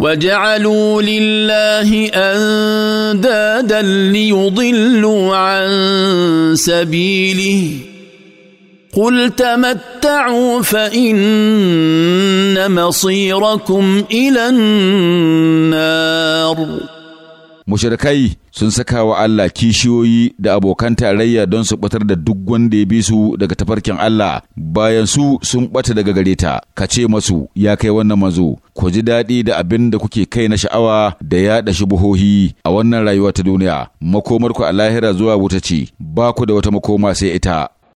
وجعلوا لله اندادا ليضلوا عن سبيله قل تمتعوا فان مصيركم الى النار mushrikai sun saka wa Allah kishiyoyi da abokan tarayya don su batar da duk wanda ya bi su daga tafarkin Allah bayan su sun bata daga gare ta ka ce masu ya kai wannan mazo ku ji daɗi da abin da kuke kai na sha'awa da yaɗa shubuhohi a wannan rayuwa ta duniya makomarku a lahira zuwa wuta ce ba ku da wata makoma sai ita